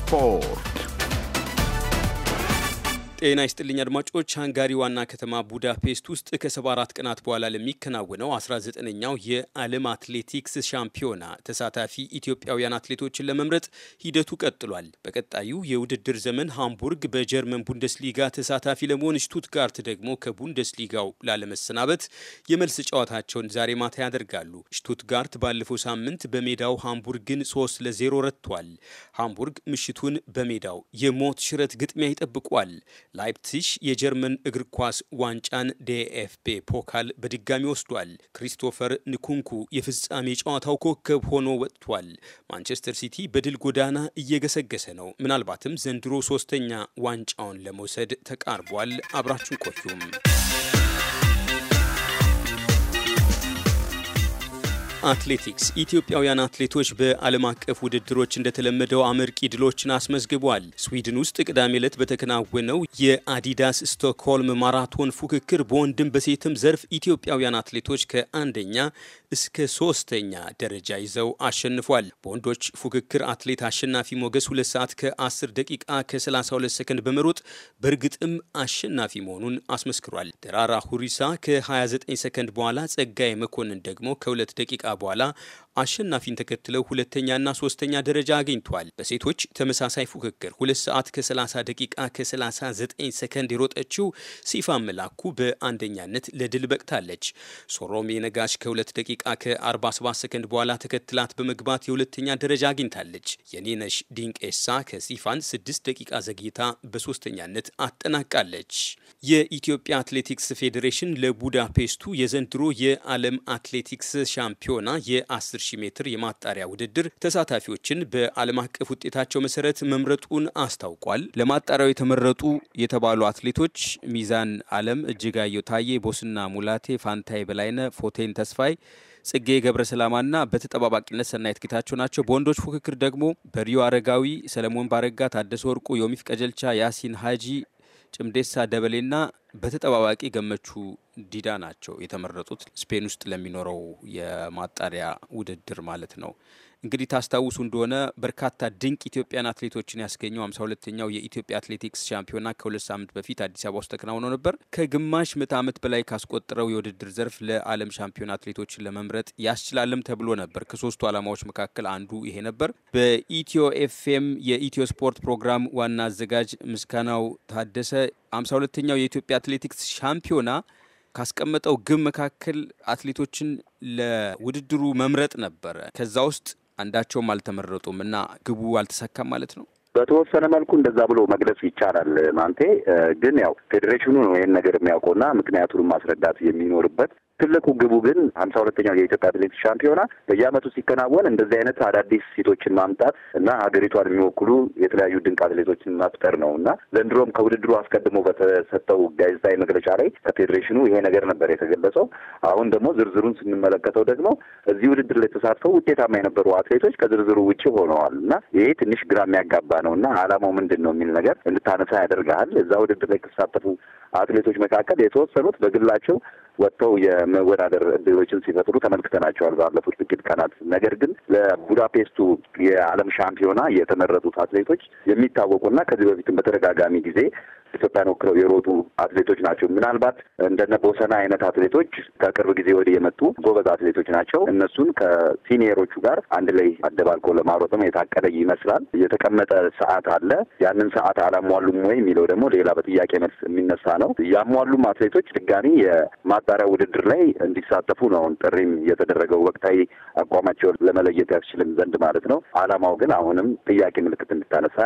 spor. ጤና ይስጥልኝ አድማጮች። ሃንጋሪ ዋና ከተማ ቡዳፔስት ውስጥ ከሰባ 74 ቀናት በኋላ ለሚከናወነው 19ኛው የዓለም አትሌቲክስ ሻምፒዮና ተሳታፊ ኢትዮጵያውያን አትሌቶችን ለመምረጥ ሂደቱ ቀጥሏል። በቀጣዩ የውድድር ዘመን ሃምቡርግ በጀርመን ቡንደስሊጋ ተሳታፊ ለመሆን ሽቱትጋርት ደግሞ ከቡንደስሊጋው ላለመሰናበት የመልስ ጨዋታቸውን ዛሬ ማታ ያደርጋሉ። ሽቱትጋርት ባለፈው ሳምንት በሜዳው ሃምቡርግን 3 ለ0 ረትቷል። ሃምቡርግ ምሽቱን በሜዳው የሞት ሽረት ግጥሚያ ይጠብቋል። ላይፕሲሽ የጀርመን እግር ኳስ ዋንጫን ዲኤፍቤ ፖካል በድጋሚ ወስዷል። ክሪስቶፈር ንኩንኩ የፍጻሜ ጨዋታው ኮከብ ሆኖ ወጥቷል። ማንቸስተር ሲቲ በድል ጎዳና እየገሰገሰ ነው። ምናልባትም ዘንድሮ ሶስተኛ ዋንጫውን ለመውሰድ ተቃርቧል። አብራችን ቆዩም። አትሌቲክስ ኢትዮጵያውያን አትሌቶች በዓለም አቀፍ ውድድሮች እንደተለመደው አመርቂ ድሎችን አስመዝግቧል። ስዊድን ውስጥ ቅዳሜ ዕለት በተከናወነው የአዲዳስ ስቶክሆልም ማራቶን ፉክክር በወንድም በሴትም ዘርፍ ኢትዮጵያውያን አትሌቶች ከአንደኛ እስከ ሶስተኛ ደረጃ ይዘው አሸንፏል። በወንዶች ፉክክር አትሌት አሸናፊ ሞገስ ሁለት ሰዓት ከ10 ደቂቃ ከ32 ሰከንድ በመሮጥ በእርግጥም አሸናፊ መሆኑን አስመስክሯል። ደራራ ሁሪሳ ከ29 ሰከንድ በኋላ፣ ጸጋዬ መኮንን ደግሞ ከ2 ደቂቃ በኋላ አሸናፊን ተከትለው ሁለተኛና ሶስተኛ ደረጃ አግኝቷል። በሴቶች ተመሳሳይ ፉክክር ሁለት ሰዓት ከ30 ደቂቃ ከ39 ሰከንድ የሮጠችው ሲፋን መላኩ በአንደኛነት ለድል በቅታለች። ሶሮሜ ነጋሽ ከ2 ደቂቃ ከ47 ሰከንድ በኋላ ተከትላት በመግባት የሁለተኛ ደረጃ አግኝታለች። የኔነሽ ዲንቄሳ ከሲፋን 6 ደቂቃ ዘግይታ በሶስተኛነት አጠናቃለች። የኢትዮጵያ አትሌቲክስ ፌዴሬሽን ለቡዳፔስቱ የዘንድሮ የዓለም አትሌቲክስ ሻምፒዮና የ10 ሺህ ሜትር የማጣሪያ ውድድር ተሳታፊዎችን በዓለም አቀፍ ውጤታቸው መሰረት መምረጡን አስታውቋል። ለማጣሪያው የተመረጡ የተባሉ አትሌቶች ሚዛን አለም፣ እጅጋየሁ ታዬ፣ ቦስና ሙላቴ፣ ፋንታይ በላይነ፣ ፎቴን ተስፋይ ጽጌ ገብረሰላማና በተጠባባቂነት ሰናይት ጌታቸው ናቸው። በወንዶች ፉክክር ደግሞ በሪዮ አረጋዊ፣ ሰለሞን ባረጋ፣ ታደሰ ወርቁ፣ ዮሚፍ ቀጀልቻ፣ ያሲን ሀጂ፣ ጭምዴሳ ደበሌና በተጠባባቂ ገመቹ ዲዳ ናቸው የተመረጡት ስፔን ውስጥ ለሚኖረው የማጣሪያ ውድድር ማለት ነው። እንግዲህ ታስታውሱ እንደሆነ በርካታ ድንቅ ኢትዮጵያን አትሌቶችን ያስገኘው ሃምሳ ሁለተኛው የኢትዮጵያ አትሌቲክስ ሻምፒዮና ከሁለት ሳምንት በፊት አዲስ አበባ ውስጥ ተከናውኖ ነበር። ከግማሽ ምዕተ ዓመት በላይ ካስቆጠረው የውድድር ዘርፍ ለዓለም ሻምፒዮን አትሌቶችን ለመምረጥ ያስችላልም ተብሎ ነበር። ከሶስቱ ዓላማዎች መካከል አንዱ ይሄ ነበር። በኢትዮ ኤፍኤም የኢትዮ ስፖርት ፕሮግራም ዋና አዘጋጅ ምስጋናው ታደሰ ሃምሳ ሁለተኛው የኢትዮጵያ አትሌቲክስ ሻምፒዮና ካስቀመጠው ግብ መካከል አትሌቶችን ለውድድሩ መምረጥ ነበረ ከዛ ውስጥ አንዳቸውም አልተመረጡም እና ግቡ አልተሳካም ማለት ነው። በተወሰነ መልኩ እንደዛ ብሎ መግለጽ ይቻላል። ማንቴ ግን ያው ፌዴሬሽኑ ነው ይህን ነገር የሚያውቀውና ምክንያቱንም ማስረዳት የሚኖርበት ትልቁ ግቡ ግን ሀምሳ ሁለተኛው የኢትዮጵያ አትሌቲክስ ሻምፒዮና በየአመቱ ሲከናወን እንደዚህ አይነት አዳዲስ ሴቶችን ማምጣት እና ሀገሪቷን የሚወክሉ የተለያዩ ድንቅ አትሌቶችን መፍጠር ነው እና ዘንድሮም ከውድድሩ አስቀድሞ በተሰጠው ጋዜጣዊ መግለጫ ላይ ከፌዴሬሽኑ ይሄ ነገር ነበር የተገለጸው። አሁን ደግሞ ዝርዝሩን ስንመለከተው ደግሞ እዚህ ውድድር ላይ ተሳትፈው ውጤታማ የነበሩ አትሌቶች ከዝርዝሩ ውጭ ሆነዋል እና ይሄ ትንሽ ግራ የሚያጋባ ነው እና አላማው ምንድን ነው የሚል ነገር እንድታነሳ ያደርግሃል። እዛ ውድድር ላይ ከተሳተፉ አትሌቶች መካከል የተወሰኑት በግላቸው ወጥተው የመወዳደር እድሎችን ሲፈጥሩ ተመልክተናቸዋል ባለፉት ጥቂት ቀናት። ነገር ግን ለቡዳፔስቱ የዓለም ሻምፒዮና የተመረጡት አትሌቶች የሚታወቁና ከዚህ በፊትም በተደጋጋሚ ጊዜ ኢትዮጵያን ወክለው የሮጡ አትሌቶች ናቸው። ምናልባት እንደነ ቦሰና አይነት አትሌቶች ከቅርብ ጊዜ ወዲህ የመጡ ጎበዝ አትሌቶች ናቸው። እነሱን ከሲኒየሮቹ ጋር አንድ ላይ አደባልቆ ለማሮጥም የታቀደ ይመስላል። የተቀመጠ ሰዓት አለ። ያንን ሰዓት አላሟሉም ወይ የሚለው ደግሞ ሌላ በጥያቄ መልስ የሚነሳ ነው። ያሟሉም አትሌቶች ድጋሚ የማ መሳሪያ ውድድር ላይ እንዲሳተፉ ነው አሁን ጥሪም የተደረገው ወቅታዊ አቋማቸውን ለመለየት ያስችልም ዘንድ ማለት ነው። አላማው ግን አሁንም ጥያቄ ምልክት እንድታነሳ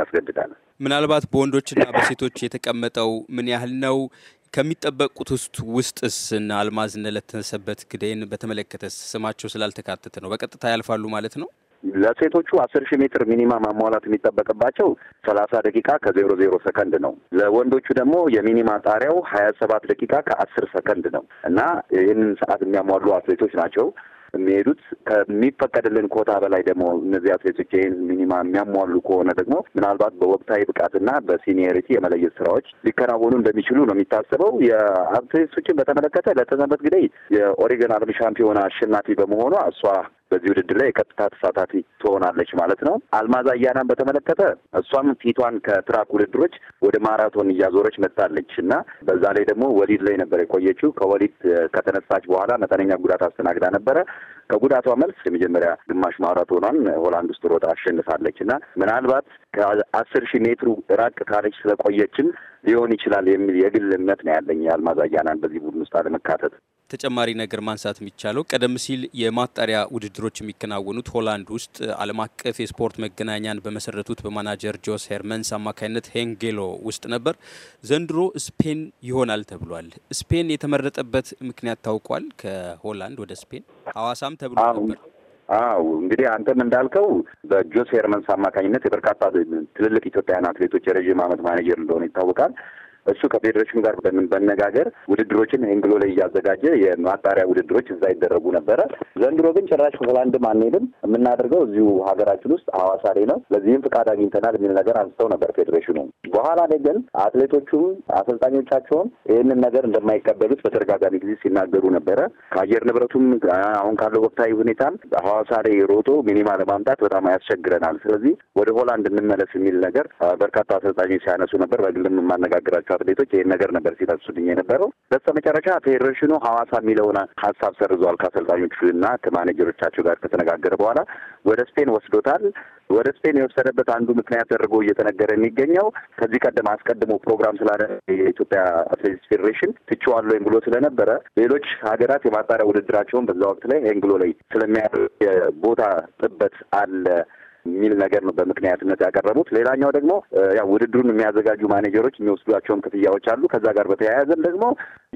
ያስገድዳል። ምናልባት በወንዶችና በሴቶች የተቀመጠው ምን ያህል ነው? ከሚጠበቁት ውስጥ ውስጥስ እና አልማዝ ለተነሰበት ግዴን በተመለከተ ስማቸው ስላልተካተተ ነው በቀጥታ ያልፋሉ ማለት ነው። ለሴቶቹ አስር ሺህ ሜትር ሚኒማ ማሟላት የሚጠበቅባቸው ሰላሳ ደቂቃ ከዜሮ ዜሮ ሰከንድ ነው። ለወንዶቹ ደግሞ የሚኒማ ጣሪያው ሀያ ሰባት ደቂቃ ከአስር ሰከንድ ነው እና ይህንን ሰዓት የሚያሟሉ አትሌቶች ናቸው የሚሄዱት ከሚፈቀድልን ኮታ በላይ ደግሞ እነዚህ አትሌቶች ይህን ሚኒማ የሚያሟሉ ከሆነ ደግሞ ምናልባት በወቅታዊ ብቃትና በሲኒየሪቲ የመለየት ስራዎች ሊከናወኑ እንደሚችሉ ነው የሚታሰበው። የአትሌቶችን በተመለከተ ለተሰንበት ጊዜ የኦሪገን ዓለም ሻምፒዮና አሸናፊ በመሆኗ እሷ በዚህ ውድድር ላይ የቀጥታ ተሳታፊ ትሆናለች ማለት ነው። አልማዝ አያናን በተመለከተ እሷም ፊቷን ከትራክ ውድድሮች ወደ ማራቶን እያዞረች መጣለች እና በዛ ላይ ደግሞ ወሊድ ላይ ነበር የቆየችው። ከወሊድ ከተነሳች በኋላ መጠነኛ ጉዳት አስተናግዳ ነበረ። ከጉዳቷ መልስ የመጀመሪያ ግማሽ ማራቶኗን ሆላንድ ውስጥ ሮጣ አሸንፋለች እና ምናልባት ከአስር ሺህ ሜትሩ ራቅ ካለች ስለቆየችም ሊሆን ይችላል የሚል የግል እምነት ነው ያለኝ የአልማዝ አያናን በዚህ ቡድን ውስጥ አለመካተት ተጨማሪ ነገር ማንሳት የሚቻለው ቀደም ሲል የማጣሪያ ውድድሮች የሚከናወኑት ሆላንድ ውስጥ ዓለም አቀፍ የስፖርት መገናኛን በመሰረቱት በማናጀር ጆስ ሄርመንስ አማካኝነት ሄንጌሎ ውስጥ ነበር። ዘንድሮ ስፔን ይሆናል ተብሏል። ስፔን የተመረጠበት ምክንያት ታውቋል። ከሆላንድ ወደ ስፔን ሐዋሳም ተብሎ ነበር። አው እንግዲህ አንተም እንዳልከው በጆስ ሄርመንስ አማካኝነት የበርካታ ትልልቅ ኢትዮጵያውያን አትሌቶች የረዥም ዓመት ማኔጀር እንደሆነ ይታወቃል። እሱ ከፌዴሬሽን ጋር በመነጋገር ውድድሮችን ኤንግሎ ላይ እያዘጋጀ የማጣሪያ ውድድሮች እዛ ይደረጉ ነበረ። ዘንድሮ ግን ጭራሽ ሆላንድም አንሄድም፣ የምናደርገው እዚሁ ሀገራችን ውስጥ ሐዋሳ ላይ ነው፣ ለዚህም ፍቃድ አግኝተናል የሚል ነገር አንስተው ነበር ፌዴሬሽኑ። በኋላ ላይ ግን አትሌቶቹም አሰልጣኞቻቸውም ይህንን ነገር እንደማይቀበሉት በተደጋጋሚ ጊዜ ሲናገሩ ነበረ። ከአየር ንብረቱም አሁን ካለው ወቅታዊ ሁኔታም ሐዋሳ ላይ ሮጦ ሚኒማ ለማምጣት በጣም ያስቸግረናል፣ ስለዚህ ወደ ሆላንድ እንመለስ የሚል ነገር በርካታ አሰልጣኞች ሲያነሱ ነበር። በግልም የማነጋግራቸው አትሌቶች ይህን ነገር ነበር ሲጠቅሱልኝ የነበረው። በስተ መጨረሻ ፌዴሬሽኑ ሀዋሳ የሚለውን ሀሳብ ሰርዘዋል። እና ከማኔጀሮቻቸው ጋር ከተነጋገረ በኋላ ወደ ስፔን ወስዶታል። ወደ ስፔን የወሰደበት አንዱ ምክንያት ተደርጎ እየተነገረ የሚገኘው ከዚህ ቀደም አስቀድሞ ፕሮግራም ስላለ የኢትዮጵያ አትሌቲክስ ፌዴሬሽን ትችዋለሁ ወይም ብሎ ስለነበረ ሌሎች ሀገራት የማጣሪያ ውድድራቸውን በዛ ወቅት ላይ ሄንግሎ ላይ ስለሚያደርግ ቦታ ጥበት አለ የሚል ነገር ነው በምክንያትነት ያቀረቡት። ሌላኛው ደግሞ ያው ውድድሩን የሚያዘጋጁ ማኔጀሮች የሚወስዷቸውም ክፍያዎች አሉ። ከዛ ጋር በተያያዘም ደግሞ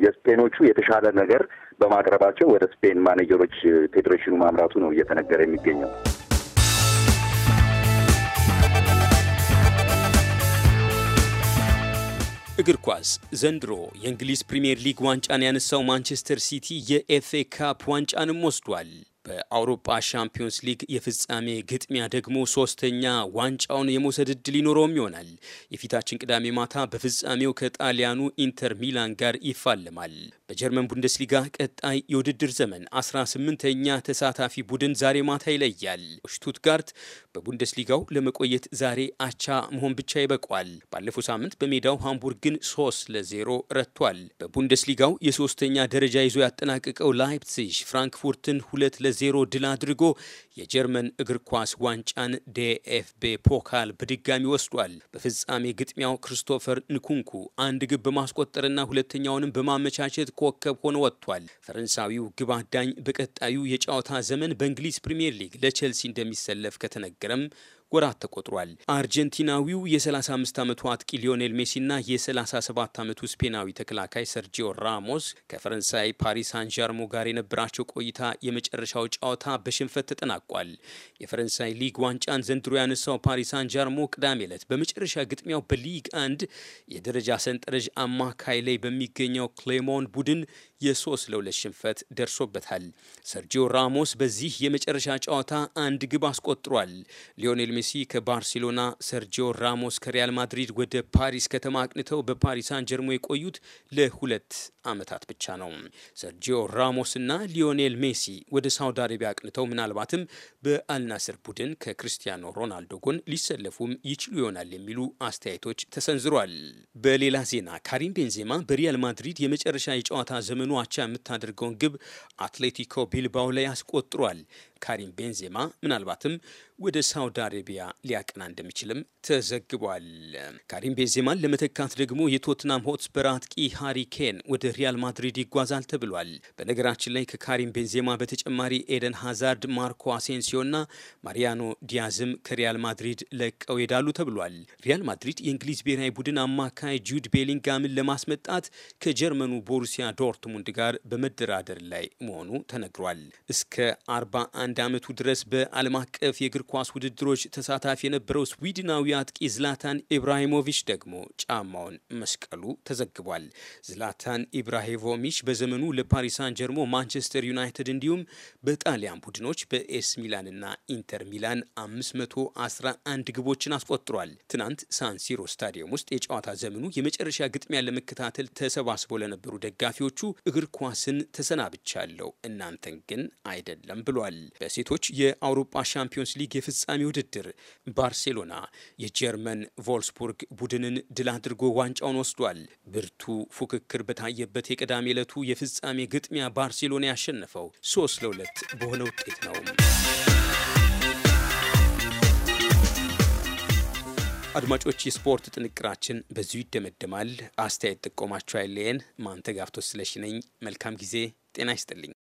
የስፔኖቹ የተሻለ ነገር በማቅረባቸው ወደ ስፔን ማኔጀሮች ፌዴሬሽኑ ማምራቱ ነው እየተነገረ የሚገኘው። እግር ኳስ ዘንድሮ የእንግሊዝ ፕሪምየር ሊግ ዋንጫን ያነሳው ማንቸስተር ሲቲ የኤፍኤ ካፕ ዋንጫንም ወስዷል። በአውሮፓ ሻምፒዮንስ ሊግ የፍጻሜ ግጥሚያ ደግሞ ሶስተኛ ዋንጫውን የመውሰድ እድል ይኖረውም ይሆናል። የፊታችን ቅዳሜ ማታ በፍጻሜው ከጣሊያኑ ኢንተር ሚላን ጋር ይፋለማል። በጀርመን ቡንደስሊጋ ቀጣይ የውድድር ዘመን 18ኛ ተሳታፊ ቡድን ዛሬ ማታ ይለያል። ሽቱትጋርት በቡንደስሊጋው ለመቆየት ዛሬ አቻ መሆን ብቻ ይበቋል። ባለፈው ሳምንት በሜዳው ሃምቡርግን 3 ለዜ0 ረቷል። በቡንደስሊጋው የሶስተኛ ደረጃ ይዞ ያጠናቀቀው ላይፕሲጅ ፍራንክፉርትን 2 ለዜ0 ድል አድርጎ የጀርመን እግር ኳስ ዋንጫን ዴኤፍቤ ፖካል በድጋሚ ወስዷል። በፍጻሜ ግጥሚያው ክሪስቶፈር ንኩንኩ አንድ ግብ በማስቆጠርና ሁለተኛውንም በማመቻቸት ኮከብ ሆኖ ወጥቷል። ፈረንሳዊው ግብ አዳኝ በቀጣዩ የጨዋታ ዘመን በእንግሊዝ ፕሪምየር ሊግ ለቼልሲ እንደሚሰለፍ ከተነገረም ወራት ተቆጥሯል። አርጀንቲናዊው የ35 ዓመቱ አጥቂ ሊዮኔል ሜሲና የ37 ዓመቱ ስፔናዊ ተከላካይ ሰርጂዮ ራሞስ ከፈረንሳይ ፓሪስ አንዣርሞ ጋር የነበራቸው ቆይታ የመጨረሻው ጨዋታ በሽንፈት ተጠናቋል። የፈረንሳይ ሊግ ዋንጫን ዘንድሮ ያነሳው ፓሪስ አንዣርሞ ቅዳሜ ዕለት በመጨረሻ ግጥሚያው በሊግ አንድ የደረጃ ሰንጠረዥ አማካይ ላይ በሚገኘው ክሌሞን ቡድን የሶስት ለሁለት ሽንፈት ደርሶበታል። ሰርጂዮ ራሞስ በዚህ የመጨረሻ ጨዋታ አንድ ግብ አስቆጥሯል። ሊዮኔል ሜሲ ከባርሴሎና፣ ሰርጂዮ ራሞስ ከሪያል ማድሪድ ወደ ፓሪስ ከተማ አቅንተው በፓሪስ ሳን ጀርሞ የቆዩት ለሁለት ዓመታት ብቻ ነው። ሰርጂዮ ራሞስ እና ሊዮኔል ሜሲ ወደ ሳውዲ አረቢያ አቅንተው ምናልባትም በአልናስር ቡድን ከክርስቲያኖ ሮናልዶ ጎን ሊሰለፉም ይችሉ ይሆናል የሚሉ አስተያየቶች ተሰንዝሯል። በሌላ ዜና ካሪም ቤንዜማ በሪያል ማድሪድ የመጨረሻ የጨዋታ ዘመኑ ቡድኑ አቻ የምታደርገውን ግብ አትሌቲኮ ቢልባው ላይ አስቆጥሯል። ካሪም ቤንዜማ ምናልባትም ወደ ሳውዲ አረቢያ ሊያቀና እንደሚችልም ተዘግቧል። ካሪም ቤንዜማን ለመተካት ደግሞ የቶትናም ሆትስፐር አጥቂ ሃሪ ኬን ወደ ሪያል ማድሪድ ይጓዛል ተብሏል። በነገራችን ላይ ከካሪም ቤንዜማ በተጨማሪ ኤደን ሃዛርድ፣ ማርኮ አሴንሲዮና ማሪያኖ ዲያዝም ከሪያል ማድሪድ ለቀው ይሄዳሉ ተብሏል። ሪያል ማድሪድ የእንግሊዝ ብሔራዊ ቡድን አማካይ ጁድ ቤሊንጋምን ለማስመጣት ከጀርመኑ ቦሩሲያ ዶርትሙንድ ጋር በመደራደር ላይ መሆኑ ተነግሯል። እስከ 41 ዓመቱ ድረስ በዓለም አቀፍ የእግር ኳስ ውድድሮች ተሳታፊ የነበረው ስዊድናዊ አጥቂ ዝላታን ኢብራሂሞቪች ደግሞ ጫማውን መስቀሉ ተዘግቧል። ዝላታን ኢብራሂሞቪች በዘመኑ ለፓሪሳን ጀርሞ፣ ማንቸስተር ዩናይትድ እንዲሁም በጣሊያን ቡድኖች በኤስ ሚላንና ኢንተር ሚላን 511 ግቦችን አስቆጥሯል። ትናንት ሳንሲሮ ስታዲየም ውስጥ የጨዋታ ዘመኑ የመጨረሻ ግጥሚያ ለመከታተል ተሰባስቦ ለነበሩ ደጋፊዎቹ እግር ኳስን ተሰናብቻለሁ እናንተን ግን አይደለም ብሏል። በሴቶች የአውሮፓ ሻምፒዮንስ ሊግ የፍጻሜ ውድድር ባርሴሎና የጀርመን ቮልስቡርግ ቡድንን ድል አድርጎ ዋንጫውን ወስዷል። ብርቱ ፉክክር በታየበት የቅዳሜ ዕለቱ የፍጻሜ ግጥሚያ ባርሴሎና ያሸነፈው ለ ለሁለት በሆነ ውጤት ነው። አድማጮች፣ የስፖርት ጥንቅራችን በዚሁ ይደመደማል። አስተያየት ጥቆማቸው አይለየን። ማንተጋፍቶ ስለሽነኝ መልካም ጊዜ። ጤና ይስጥልኝ።